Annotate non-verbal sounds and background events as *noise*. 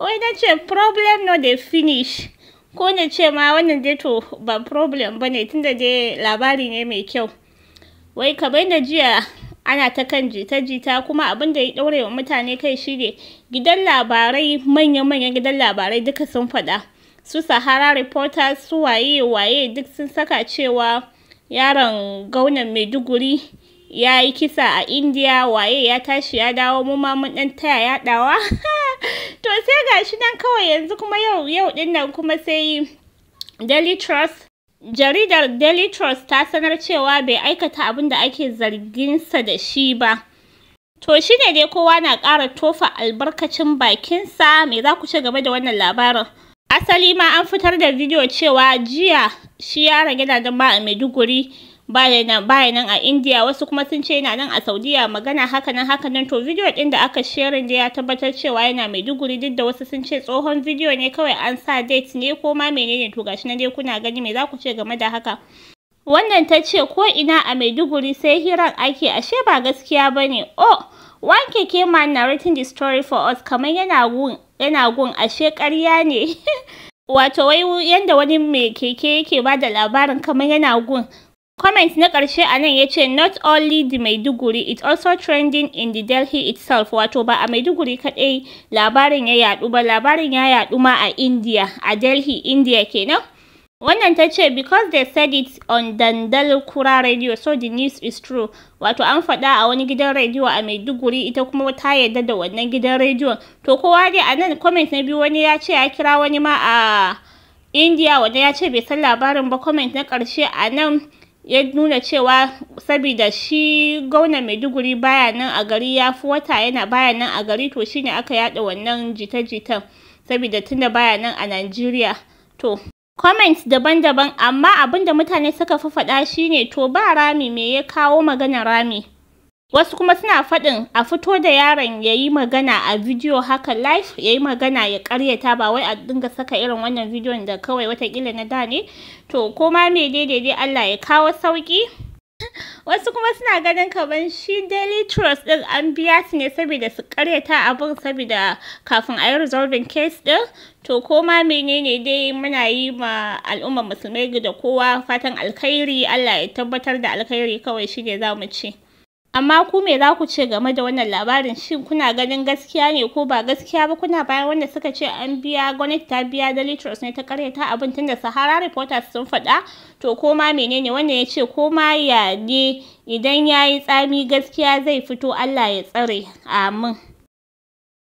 wai na ce problem no dey finish ko na ce ma wannan dai to ba problem ba ne tunda dai labari ne mai kyau wai kamar da jiya ana ta kan jita-jita kuma abin da ya ɗaure wa mutane kai shine gidan labarai manya-manyan gidan labarai duka sun faɗa su sahara reporters su waye-waye duk sun saka cewa yaron gaunan maiduguri ya yi kisa a indiya waye ya tashi ya dawo mu ma mun ɗan taya yaɗawa *laughs* to sai ga shi nan kawai yanzu kuma yau yau din nan kuma sai Daily Trust jaridar Daily Trust ta sanar cewa bai aikata abin da ake zarginsa da shi ba to shi ne dai kowa na ƙara tofa albarkacin bakinsa me za ku ci gaba da wannan labarin asali ma an fitar da bidiyo cewa jiya shi ya yana da ma a Maiduguri baya nan a India wasu kuma sun ce yana nan a Saudiya magana hakanan hakanan to video din da aka sharing da ya tabbatar cewa yana Maiduguri duk da wasu sun ce tsohon video ne kawai an sa date ne ko ma menene to gashi nan dai kuna gani me za ku ce game da haka wannan ta ce ko ina a Maiduguri sai hiran ake ashe ba gaskiya bane oh one keke man narrating the story for us kamar yana gun yana gun ashe ƙarya ne *laughs* wato wai yanda wani mai keke yake ba da labarin kamar yana gun Comment na karshe a nan ya ce not only the Maiduguri it also trending in the Delhi itself wato ba a Maiduguri kaɗai labarin ya yaɗu ba labarin ya yadu ma a India a Delhi India kenan. Wannan ta ce because they said it on Dandal Kura radio so the news is true wato an faɗa a wani gidan rediyo a Maiduguri ita kuma ta yarda da wannan gidan rediyon to kowa dai a nan comment na biyu wani ya ce ya kira wani ma a India wanda ya ce bai san labarin ba comment na karshe a nan ya nuna cewa sabida shi gauna Maiduguri baya nan a gari ya fi wata yana bayanan a gari to shine aka yada wannan jita-jitan sabida tunda baya nan a nigeria to comments daban-daban amma abinda mutane suka fi faɗa shine to ba rami me ya kawo magana rami Wasu kuma suna faɗin a fito da yaron ya yi magana a bidiyo haka live ya yi magana ya karyata ba wai a dinga saka irin wannan bidiyon da kawai watakila na da ne. To ko ma me daidai Allah ya kawo sauki. *laughs* Wasu kuma suna ganin kamar shi Daily Trust ɗin an biya su ne saboda su karyata abin saboda kafin a yi resolving case ɗin. To ko ma menene dai muna yi ma al'ummar musulmai da kowa fatan alkhairi Allah ya tabbatar da alkhairi kawai shi ne za mu ci. Amma ku me za ku ce game da wannan labarin shin kuna ganin gaskiya ne ko ba gaskiya ba kuna bayan wanda suka ce an biya gwamnati ta biya da litros ne ta karyata abin tunda Sahara Reporters sun faɗa to ko menene wanda ya ce ko ma ya ne idan ya yi tsami gaskiya zai fito Allah ya tsare amin.